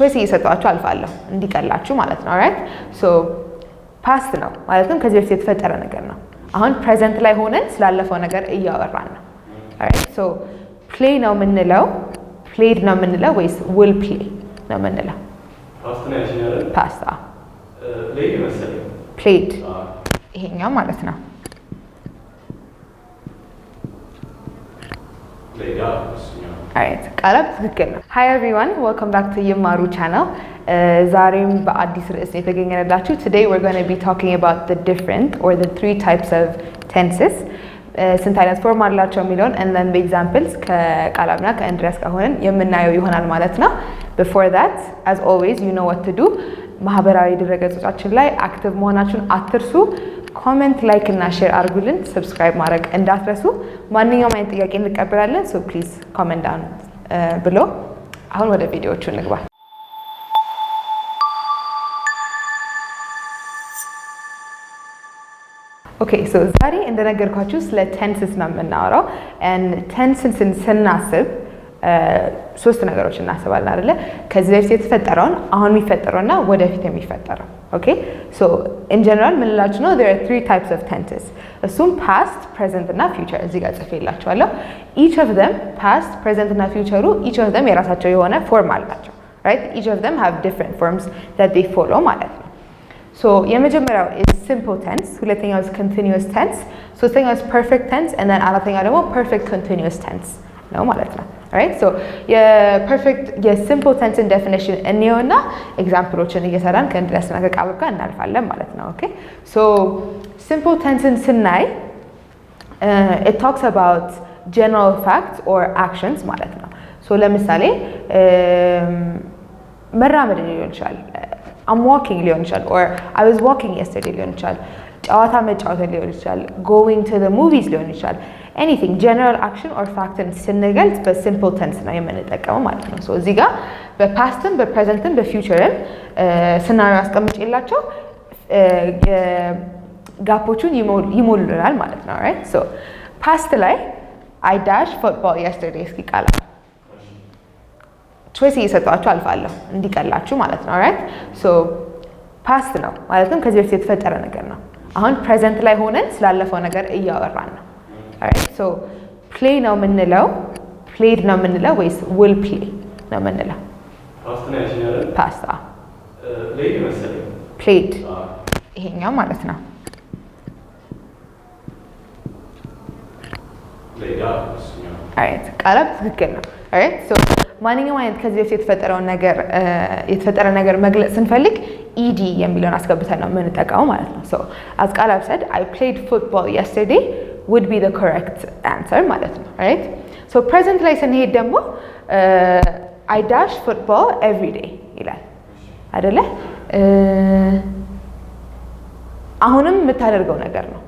ቾይስ እየሰጧችሁ አልፋለሁ እንዲቀላችሁ ማለት ነው። ራይት ሶ ፓስት ነው ማለትም ከዚህ በፊት የተፈጠረ ነገር ነው። አሁን ፕሬዘንት ላይ ሆነን ስላለፈው ነገር እያወራን ነው። ራይት ሶ ፕሌይ ነው የምንለው ፕሌድ ነው የምንለው ወይስ ውል ፕሌይ ነው የምንለው? ፓስት ፕሌድ ይሄኛው ማለት ነው። አሪፍ ቃላት ትክክል ነው። ሀይ ኤቭሪዋን ወልከም ባክ ቱ ይማሩ ቻናል። ዛሬም በአዲስ ርዕስ የተገኘንላችሁ። ቱዴይ ዌር ጎና ቢ ታኪንግ አባውት ዘ ዲፍረንት ኦር ዘ ትሪ ታይፕስ ኦፍ ቴንስስ ስንት አይነት ፎርም አላቸው የሚለውን እንለን በኤግዛምፕልስ ከቃላምና ከእንድሪያስ ካሁንን የምናየው ይሆናል ማለት ነው። ቢፎር ዛት አዝ ኦልዌይዝ ዩ ኖ ዋት ቱ ዱ ማህበራዊ ድረገጾቻችን ላይ አክቲቭ መሆናችሁን አትርሱ። ኮመንት፣ ላይክ እና ሼር አድርጉልን። ሰብስክራይብ ማድረግ እንዳትረሱ። ማንኛውም አይነት ጥያቄ እንቀበላለን። ሶ ፕሊዝ ኮመንት ዳውን ብሎ አሁን ወደ ቪዲዮዎቹ እንግባ። ኦኬ ሶ ዛሬ እንደነገርኳችሁ ስለ ቴንስስ ነው የምናወራው። ቴንስስን ስናስብ ሶስት ነገሮች እናስባለን አይደለ? ከዚህ በፊት የተፈጠረውን፣ አሁን የሚፈጠረውና ወደፊት የሚፈጠረው። ኦኬ ሶ ኢን ጀነራል ምንላችሁ ነው ዜር አር ትሪ ታይፕስ ኦፍ ቴንስስ። እሱም ፓስት፣ ፕሬዘንት እና ፊውቸር እዚህ ጋር ጽፌላችኋለሁ። ኢች ኦፍ ዘም ፓስት፣ ፕሬዘንት እና ፊውቸሩ ኢች ኦፍ ዘም የራሳቸው የሆነ ፎርም አላቸው። ራይት ኢች ኦፍ ዘም ሃቭ ዲፍረንት ፎርምስ ዛት ዴይ ፎሎ ማለት ነው። ሶ የመጀመሪያው ሲምፕል ቴንስ፣ ሁለተኛው ኮንቲኒስ ቴንስ፣ ሶስተኛው ፐርፌክት ቴንስ እና አራተኛው ደግሞ ፐርፌክት ኮንቲኒስ ቴንስ ነው ማለት ነው። ራይት ሶ የፐርፌክት የሲምፕል ቴንስን ዴፊኒሽን እንየውና ኤግዛምፕሎችን እየሰራን ከእንድሪያስ እና ከቃሉብ ጋር እናልፋለን ማለት ነው። ኦኬ ሶ ሲምፕል ቴንስን ስናይ ኢት ቶክስ አባውት ጀነራል ፋክት ኦር አክሽንስ ማለት ነው። ሶ ለምሳሌ um, መራመድ ሊሆን ይችላል፣ አም uh, ዋኪንግ ሊሆን ይችላል፣ ኦር አይ ዋዝ ዋኪንግ የስተርዴይ ሊሆን ይችላል፣ ጨዋታ መጫወት ሊሆን ይችላል፣ ጎዊንግ ቱ ሙቪስ ሊሆን ይችላል ኤኒቲንግ ጀነራል አክሽን ኦር ፋክትን ስንገልጽ በሲምፕል ተንስ ነው የምንጠቀመው ማለት ነው። እዚህ ጋር በፓስትን በፕሬዘንትን በፊውቸርን ስናሪዮ አስቀምጭ የላቸው ጋፖቹን ይሞሉናል ማለት ነው። ሶ ፓስት ላይ አይ ዳሽ ፉትቦል የስተርዴ እስኪ ቃላል ቾይስ እየሰጧችሁ አልፋለሁ እንዲቀላችሁ ማለት ነው። ራይት ሶ ፓስት ነው ማለትም ከዚህ በፊት የተፈጠረ ነገር ነው። አሁን ፕሬዘንት ላይ ሆነን ስላለፈው ነገር እያወራን ነው። ሶ ፕሌይ ነው የምንለው ፕሌድ ነው የምንለው ወይስ ውል ፕሌይ ነው የምንለው? ፓስት ፕሌድ ah. uh, ah. ይሄኛው ማለት ነው። ቀረብ ah, ትክክል ነው። ማንኛውም አይነት ከዚህ በፊት የተፈጠረውን ነገር uh, የተፈጠረ ነገር መግለጽ ስንፈልግ ኢዲ e የሚለውን አስገብተን ነው የምንጠቀመው ማለት ነው። አዝ ቃል አብሰድ አይ ፕሌድ ፉትቦል የስተርዴይ ውድ ቢ ኮረክት አንሰር ማለት ነው። ራይት ሶ ፕሬዘንት ላይ ስንሄድ ደግሞ አይ ዳሽ ፉትቦል ኤቭሪ ዴይ ይላል አይደለ? Uh, አሁንም የምታደርገው ነገር ነው።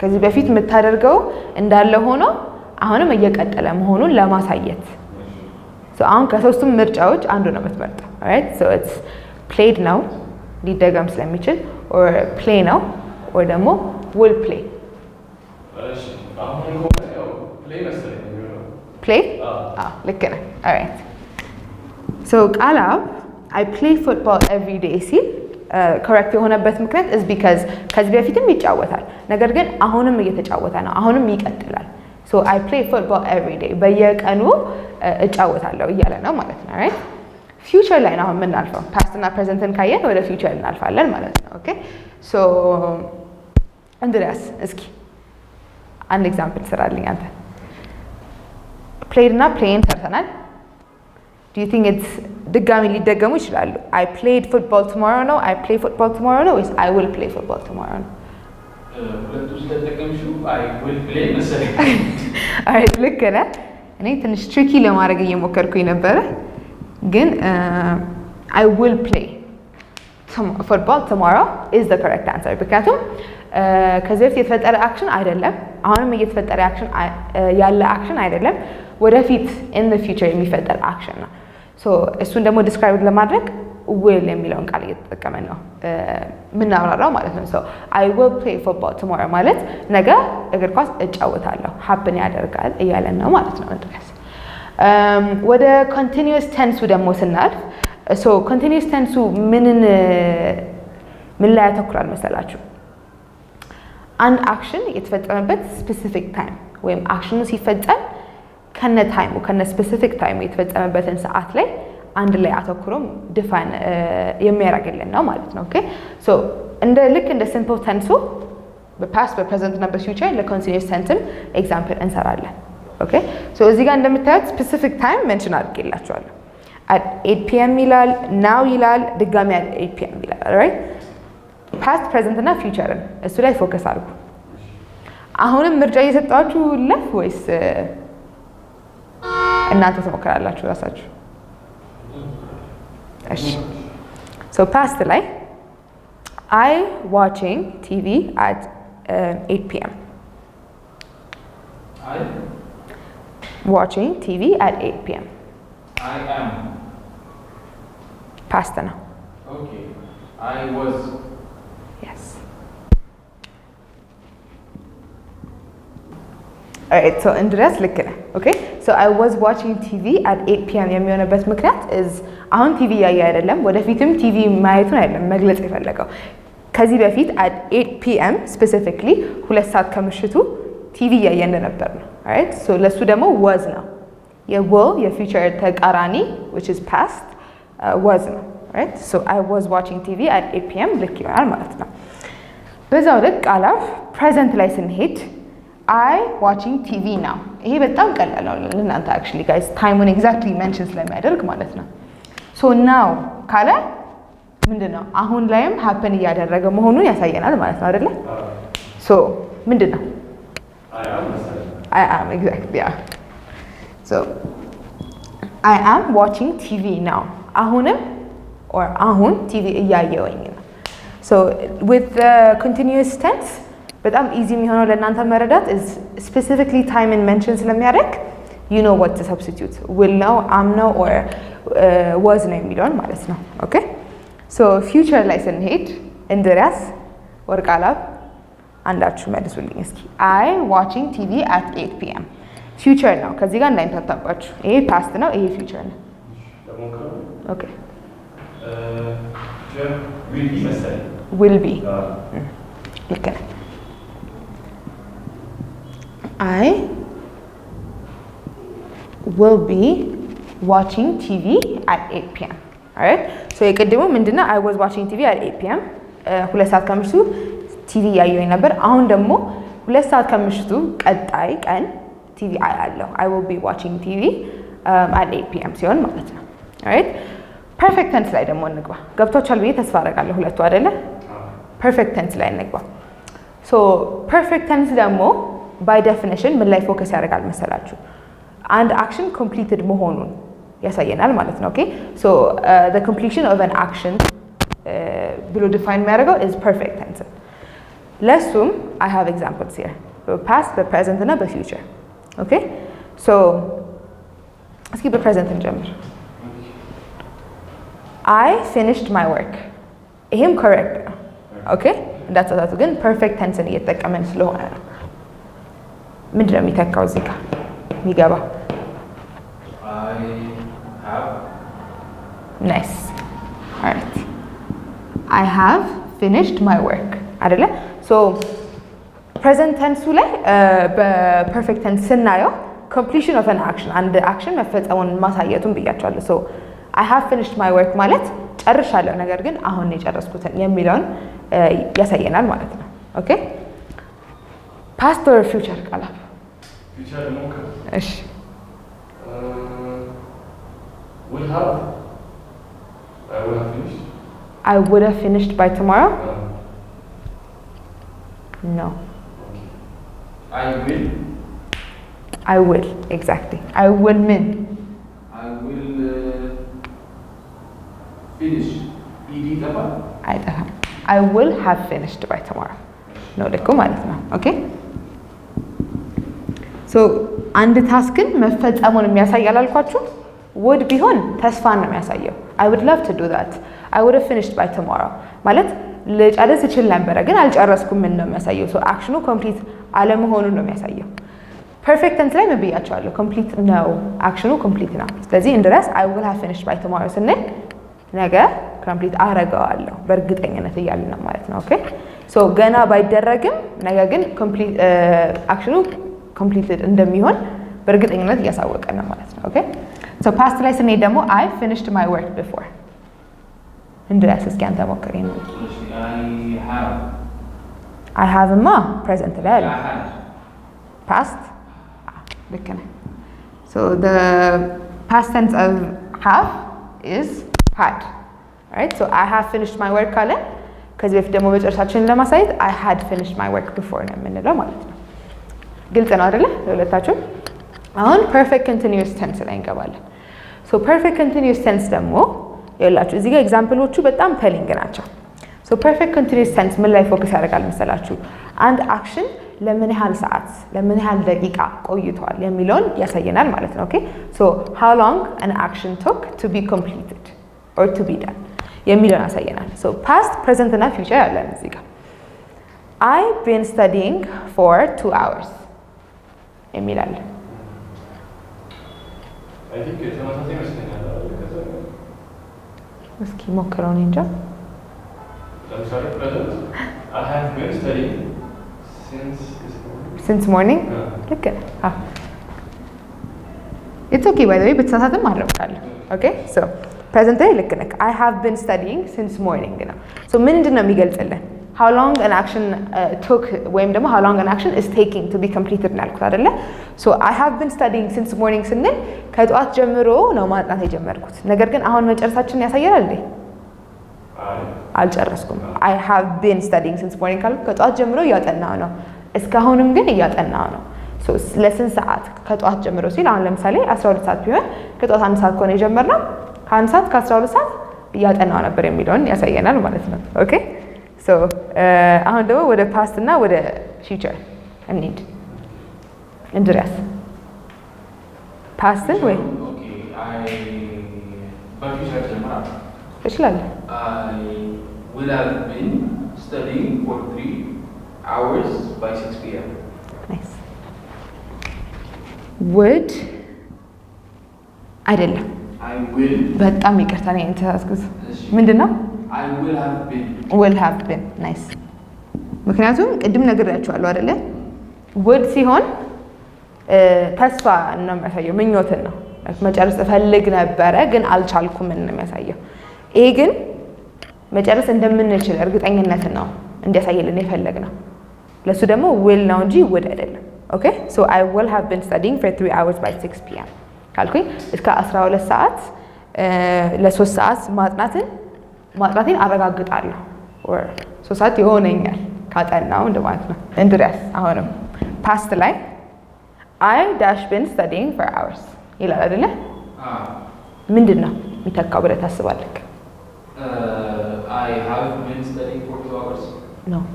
ከዚህ በፊት የምታደርገው እንዳለ ሆኖ አሁንም እየቀጠለ መሆኑን ለማሳየት አሁን ከሶስቱም ምርጫዎች አንዱ ነው የምትመርጠው። ራይት ፕሌድ ነው ሊደገም ስለሚችል ፕሌ ነው ኦር ደግሞ ውል ፕሌ ፕሌይ ልክ ነህ። ኦልራይት ሶ አይ ፕሌይ ፉትቦል ኤቭሪ ዴይ ሲል ኮረክት የሆነበት ምክንያት እዝ ቢካዝ ከዚህ በፊትም ይጫወታል፣ ነገር ግን አሁንም እየተጫወተ ነው፣ አሁንም ይቀጥላል። ሶ አይ ፕሌይ ፉትቦል ኤቭሪ ዴይ በየቀኑ uh, እጫወታለሁ እያለ ነው ማለት ነው። ኦልራይት ፊውቸር ላይ ነው አሁን የምናልፈው። ፓስትና ፕሬዘንትን ካየን ወደ ፊውቸር እናልፋለን ማለት ነው። ኦኬ ሶ እንድሪያስ እስኪ አንድ ኤግዛምፕል ስራልኝ አንተ። ፕሌድ እና ፕሌይን ሰርተናል። ዱ ዩ ቲንክ ኢትስ ድጋሚ ሊደገሙ ይችላሉ? አይ ፕሌድ ፉትቦል ቱሞሮ ነው፣ አይ ፕሌይ ፉትቦል ቱሞሮ ነው ወይስ አይ ዊል ፕሌይ ፉትቦል ቱሞሮ ነው? አይ ልክ ነህ። እኔ ትንሽ ትሪኪ ለማድረግ እየሞከርኩኝ ነበረ፣ ግን አይ ዊል ፕሌይ ፉትቦል ቱሞሮ ኢዝ ዘ ኮሬክት አንሰር ምክንያቱም ከዚህ በፊት የተፈጠረ አክሽን አይደለም፣ አሁንም እየተፈጠረ ያለ አክሽን አይደለም፣ ወደፊት ኢን ዘ ፊውቸር የሚፈጠር አክሽን ነው። እሱን ደግሞ ዲስክራይብ ለማድረግ ውል የሚለውን ቃል እየተጠቀመን ነው የምናብራራው ማለት ነው። አይ ውል ፕሌይ ፉትቦል ቱሞሮ ማለት ነገ እግር ኳስ እጫወታለሁ ሀፕን ያደርጋል እያለን ነው ማለት ነው። ድረስ ወደ ኮንቲኒስ ተንሱ ደግሞ ስናልፍ ኮንቲኒስ ተንሱ ምንን ምን ላይ ያተኩራል መሰላችሁ? አንድ አክሽን የተፈጸመበት ስፔሲፊክ ታይም ወይም አክሽኑ ሲፈጸም ከነ ታይሙ ከነ ስፔሲፊክ ታይሙ የተፈጸመበትን ሰዓት ላይ አንድ ላይ አተኩሮም ድፋን uh, የሚያደርግልን ነው ማለት ነው። ኦኬ ሶ እንደ ልክ እንደ ሲምፕል ተንሱ በፓስት በፕሬዘንት እና በፊውቸር ለኮንቲኒስ ተንስም ኤግዛምፕል እንሰራለን። ኦኬ ሶ እዚህ ጋር እንደምታዩት ስፔሲፊክ ታይም ሜንሽን አድርጌላችኋለሁ። ኤት ፒ ኤም ይላል ናው ይላል ድጋሚ ኤት ፒ ኤም ይላል ራይት ፓስት ፕሬዘንት እና ፊውቸርን እሱ ላይ ፎከስ አድርጉ። አሁንም ምርጫ እየሰጣችሁ ለፍ ወይስ እናንተ ትሞክራላችሁ ራሳችሁ? እሺ ሶ ፓስት ላይ አይ ዋቺንግ ቲቪ አት ኤይት ፒኤም ዋቺንግ ቲቪ አት ኤይት ፒኤም ፓስት ነው። ኦልራይት እንድሪያስ ልክ ነህ። ኦኬ ሶ አይ ዋዝ ዋቺንግ ቲቪ አት ኤይት ፒኤም የሚሆንበት ምክንያት አሁን ቲቪ እያየ አይደለም፣ ወደፊትም ቲቪ ማየቱን አይደለም መግለጽ የፈለገው። ከዚህ በፊት አት ኤይት ፒኤም ስፔሲፊክሊ ሁለት ሰዓት ከምሽቱ ቲቪ እያየ እንደነበር ነው። ኦልራይት ሶ ለሱ ደግሞ ወዝ ነው የወል የፊውቸር ተቃራኒ ዊች ኢዝ ፓስት ወዝ ነው። ኦልራይት ሶ አይ ዋዝ ዋቺንግ ቲቪ አት ኤይት ፒኤም ልክ ይሆናል ማለት ነው። በዛው ልክ አላፍ ፕሬዘንት ላይ ስንሄድ አይ ዋቺንግ ቲቪ ናው። ይሄ በጣም ቀላል ነው ለእናንተ አክቹዋሊ ጋይስ፣ ታይሙን ኤግዛክትሊ ሜንሽን ስለሚያደርግ ማለት ነው። ሶ ናው ካለ ምንድን ነው አሁን ላይም ሀፕን እያደረገ መሆኑን ያሳየናል ማለት ነው አይደለ? ሶ ምንድን ነው አይ አም ኤግዛክትሊ ያ ሶ አይ አም ዋቺንግ ቲቪ ናው። አሁንም ኦር አሁን ቲቪ እያየወኝ ነው። ሶ ዊዝ ኮንቲኒዩስ ቴንስ በጣም ኢዚ የሚሆነው ለእናንተ መረዳት ስፔሲፊክሊ ታይምን መንሽን ስለሚያደርግ ዩ ኖ ወት ሰብስቲቱት ውል ነው አም ነው ኦር ወዝ ነው የሚለውን ማለት ነው። ኦኬ ሶ ፊውቸር ላይ ስንሄድ እንድሪያስ ወርቃላብ አንዳችሁ መልሱልኝ እስኪ። አይ ዋቺንግ ቲቪ አት ኤት ፒኤም ፊውቸር ነው። ከዚህ ጋር እንዳይምታታባችሁ። ይሄ ፓስት ነው፣ ይሄ ፊውቸር ነው። ኦኬ ዊል ቢ ልክ ነህ። አይ ዊል ቢ ዋቺንግ ቲቪ አት ኤይት ፒ ኤም የቅድሙ ምንድነው? አይ ዋዝ ዋቺንግ ቲቪ አት ኤይት ፒ ሁለት ሰዓት ከምሽቱ ቲቪ እያየሁኝ ነበር። አሁን ደግሞ ሁለት ሰዓት ከምሽቱ ቀጣይ ቀን ቲቪ አያለሁ። አይ ዊል ቢ ዋቺንግ ቲቪ አት ኤይት ፒ ሲሆን ማለት ነው። ፐርፌክት ተንስ ላይ ደግሞ እንግባ። ገብቶቻል ብዬ ተስፋ አደርጋለሁ ሁለቱ አይደለ? ፐርፌክት ተንስ ላይ እንግባ። ፐርፌክት ተንስ ደግሞ ባይ ዴፊኒሽን ምን ላይ ፎከስ ያደርጋል መሰላችሁ? አንድ አክሽን ኮምፕሊትድ መሆኑን ያሳየናል ማለት ነው። ኦኬ ሶ ዘ ኮምፕሊሽን ኦፍ አን አክሽን ብሎ ዲፋይን የሚያደርገው ኢዝ ፐርፌክት ቴንስ። ለሱም አይ ሃቭ ኤግዛምፕልስ ሂር በፓስት በፕሬዘንት እና በፊውቸር። ኦኬ ሶ እስኪ በፕሬዘንት እንጀምር። አይ ፊኒሽድ ማይ ወርክ። ይሄም ኮሬክት ነው። ኦኬ እንዳትሳሳቱ ግን ፐርፌክት ቴንስን እየተጠቀመን ስለሆነ ነው። ምንድን ነው የሚተካው? እዚህ ጋር የሚገባ ናይስ። ኦልራይት አይ ሃቭ ፊኒሽድ ማይ ወርክ አይደለ? ሶ ፕሬዘንት ተንሱ ላይ uh, በፐርፌክት ተንስ ስናየው ኮምፕሊሽን ኦፍ አን አክሽን አንድ አክሽን መፈጸሙን ማሳየቱን ብያቸዋለሁ። ሶ አይ ሃቭ ፊኒሽድ ማይ ወርክ ማለት ጨርሻለሁ፣ ነገር ግን አሁን የጨረስኩትን የሚለውን uh, ያሳየናል ማለት ነው። ኦኬ ፓስት ኦር ፊውቸር ቃላት እሺ አይ ውድ ሃቭ ፊኒሽድ ባይ ቱሞሮ ኖ አይ ውል ኤግዛክትሊ አይ ውል ምን አይጠፋም። አይ ውል ሃቭ ፊኒሽድ ባይ ቱሞሮ ነው ልኩ ማለት ነው። ኦኬ አንድ ታስክን መፈጸሙን የሚያሳይ አላልኳችሁ? ውድ ቢሆን ተስፋን ነው የሚያሳየው። አይ ውድ ላቭ ቱ ዱ ዛት አይ ውድ ፊኒሽድ ባይ ቶሞሮ ማለት ልጨርስ እችል ነበረ ግን አልጨረስኩም። ምን ነው የሚያሳየው? አክሽኑ ኮምፕሊት አለመሆኑን ነው የሚያሳየው። ፐርፌክት እንትን ላይ ምን ኮምፕሊት ነው፣ አክሽኑ ኮምፕሊት ነው። ስለዚህ እንድረስ አይ ውል ሃቭ ፊኒሽድ ባይ ቶሞሮ ስንል ነገ ኮምፕሊት አረገዋለሁ በእርግጠኝነት እያልን ነው ማለት ነው። ኦኬ ሶ ገና ባይደረግም ነገ ግን አክሽኑ ኮምፕሊትድ እንደሚሆን በእርግጠኝነት እያሳወቀ ነው ማለት ነው። ኦኬ ሶ ፓስት ላይ ስንሄድ ደግሞ አይ ፊኒሽድ ማይ ወርክ ቢፎር እንድረስ እስኪ አንተ ሞክር። አይ ሃቭማ ፕሬዘንት ላይ አለ ፓስት ah, ልክ ነህ። ሶ ፓስት ተንስ ኦፍ ሃቭ ኢዝ ሃድ ራይት። ሶ አይ ሃቭ ፊኒሽድ ማይ ወርክ አለ። ከዚህ በፊት ደግሞ መጨረሻችንን ለማሳየት አይ ሃድ ፊኒሽድ ማይ ወርክ ቢፎር ነው የምንለው ማለት ነው። ግልጽ ነው አይደለ? ለሁለታችሁም። አሁን ፐርፌክት ኮንቲኒዩስ ቴንስ ላይ እንገባለን። ሶ ፐርፌክት ኮንቲኒዩስ ቴንስ ደግሞ ይኸውላችሁ እዚህ ጋር ኤግዛምፕሎቹ በጣም ፐሊንግ ናቸው። ሶ ፐርፌክት ኮንቲኒዩስ ቴንስ ምን ላይ ፎከስ ያደርጋል መሰላችሁ? አንድ አክሽን ለምን ያህል ሰዓት ለምን ያህል ደቂቃ ቆይቷል የሚለውን ያሳየናል ማለት ነው። ኦኬ ሶ ሃው ሎንግ አን አክሽን ቶክ ቱ ቢ ኮምፕሊትድ ኦር ቱ ቢ ዳን የሚለውን ያሳየናል። ሶ ፓስት ፕሬዘንት እና ፊውቸር ያለን እዚህ ጋር አይ ቢን ስታዲንግ ፎር ቱ አወርስ የሚል አለ። እስኪ ሞክረው እኔ እንጃ። ሲንስ ሞርኒንግ ልክ ኢትስ ኦኬ ባይ ዘ ዌይ ብትሳሳትም አረምካለሁ። ኦኬ ሶ ፕሬዘንት ላይ ልክ ነህ። አይ ሃቭ ቢን ስተዲንግ ሲንስ ሞርኒንግ ነው። ሶ ምንድን ነው የሚገልጽልን? long an action አክሽን uh, ቶክ ወይም ደግሞ ሃው ሎንግ አን አክሽን ኢዝ ቴኪንግ ቱ ቢ ኮምፕሊትድ ነው ያልኩት አይደለ? ሶ አይ ሃቭ ቢን ስታዲንግ ሲንስ ሞርኒንግ ስንል ከጠዋት ጀምሮ ነው ማጥናት የጀመርኩት። ነገር ግን አሁን መጨረሳችንን ያሳያል እንዴ? አልጨረስኩም። አይ ሃቭ ቢን ስታዲንግ ሲንስ ሞርኒንግ ካልኩ ከጠዋት ጀምሮ እያጠናው ነው። እስካሁንም ግን እያጠናው ነው። ለስንት ሰዓት ከጠዋት ጀምሮ ሲል አሁን ለምሳሌ 12 ሰዓት ቢሆን ከጠዋት አንድ ሰዓት ከሆነ የጀመርነው ከአንድ ሰዓት ከ12 ሰዓት እያጠናው ነበር የሚለውን ያሳየናል ማለት ነው። ኦኬ Uh, አሁን ደግሞ ወደ ፓስት እና ወደ ፊውቸር እንሂድ። እንድሪያስ ፓስትን ወይ እችላለሁ ውድ አይደለም። በጣም ይቅርታ ነው ምንድን ነው? ውል ሃቭ ቢን ናይስ። ምክንያቱም ቅድም ነግሬያቸዋለሁ አይደለ? ውድ ሲሆን ተስፋ ነው የሚያሳየው፣ ምኞትን ነው መጨረስ እፈልግ ነበረ ግን አልቻልኩም ነው የሚያሳየው። ይሄ ግን መጨረስ እንደምንችል እርግጠኝነት ነው እንዲያሳይልን የፈለግ ነው። ለእሱ ደግሞ ውል ነው እንጂ ውድ አይደለም። ኦኬ ሶ አይ ውል ሃቭ ቢን ስታዲንግ ፎር ትሪ አወርስ ባይ ሲክስ ፒ ኤም ካልኩኝ እስከ 12 ሰዓት ለሶስት ሰዓት ማጥናትን ማጥናቴን አረጋግጣለሁ ሶሳት ይሆነኛል ካጠናው እንደማለት ነው። እንድሪያስ አሁንም ፓስት ላይ አይ ዳሽ ብን ስተዲንግ ፎር አወርስ ይላል አይደለ? ምንድን ነው የሚተካው ብለህ ታስባለህ? Uh,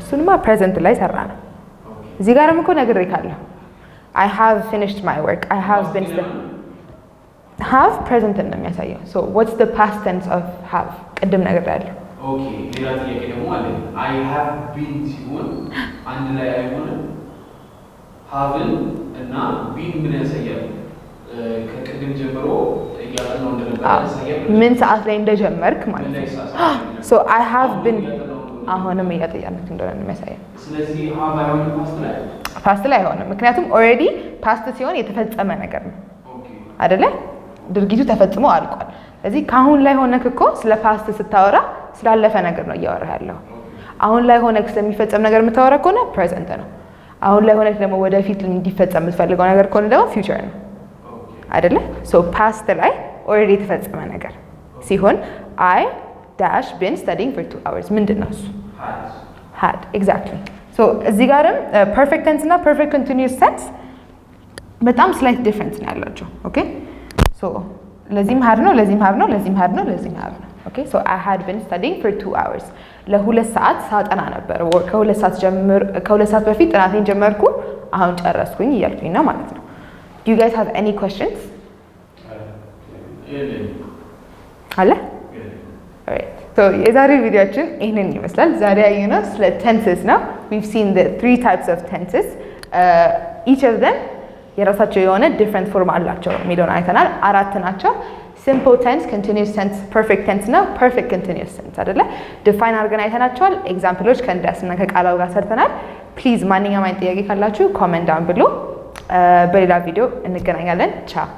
እሱንማ ፕሬዘንት ላይ ሰራ ነው። እዚህ ጋርም እኮ ነግሬ ካለሁ አይ ሃቭ ፊኒሽድ ማይ ወርክ አይ ሃቭ ብን ሀቭ ፕሬዘንት ነው የሚያሳየው። ሶ ዋትስ ዘ ፓስት ቴንስ ኦፍ ሃቭ ቅድም ነገር ያለው ምን ሰዓት ላይ እንደጀመርክ ማለት ነው። ሶ አይ ሃቭ ቢን አሁንም እያጠያነት እንደሆነ ነው የሚያሳየው። ስለዚህ አይሆንም፣ ፓስት ላይ አይሆንም። ምክንያቱም ኦልሬዲ ፓስት ሲሆን የተፈጸመ ነገር ነው አይደለ? ድርጊቱ ተፈጽሞ አልቋል። ስለዚህ ከአሁን ላይ ሆነክ እኮ ስለ ፓስት ስታወራ ስላለፈ ነገር ነው እያወራ ያለው። አሁን ላይ ሆነክ ስለሚፈጸም ነገር የምታወራ ከሆነ ፕሬዘንት ነው። አሁን ላይ ሆነክ ደግሞ ወደፊት እንዲፈጸም የምትፈልገው ነገር ከሆነ ደግሞ ፊውቸር ነው አይደለ? ሶ ፓስት ላይ ኦልሬዲ የተፈጸመ ነገር ሲሆን አይ ዳሽ ቢን ስታዲንግ ፎር ቱ አወርስ ምንድን ነው እሱ? ሀድ ኤግዛክትሊ። ሶ እዚህ ጋርም ፐርፌክት ቴንስ እና ፐርፌክት ኮንቲኒስ ቴንስ በጣም ስላይት ዲፍረንስ ነው ያላቸው ኦኬ So ለዚህም ሀድ ነው ለዚህም ሀድ ነው ለዚህም ሀድ ነው ለዚህም ሀድ ነው። ኦኬ ሶ አይ ሃድ ቢን ስታዲንግ ፎር ቱ አወርስ ለሁለት ሰዓት ሳጠና ነበር። ከሁለት ሰዓት ጀምር ከሁለት ሰዓት በፊት ጥናቴን ጀመርኩ፣ አሁን ጨረስኩኝ እያልኩኝ ነው ማለት ነው። ዩ ጋይስ ሃቭ ኤኒ ኩዌስችንስ አለ? የዛሬ ቪዲዮችን ይህንን ይመስላል። ዛሬ ያየነው ስለ ቴንስስ ነው። ዊቭ ሲን ትሪ ታይፕስ ኦፍ ቴንስስ ኢች ኦፍ ዘም የራሳቸው የሆነ ዲፍረንት ፎርም አላቸው የሚለውን አይተናል። አራት ናቸው። ሲምፕል ቴንስ፣ ኮንቲኒስ ቴንስ፣ ፐርፌክት ቴንስ እና ፐርፌክት ኮንቲኒስ ቴንስ አይደለ ዲፋይን አድርገን አይተናቸዋል። ኤግዛምፕሎች ከእንዲያስና ከቃላው ጋር ሰርተናል። ፕሊዝ ማንኛውም አይነት ጥያቄ ካላችሁ ኮመንት ዳውን ብሎ በሌላ ቪዲዮ እንገናኛለን። ቻው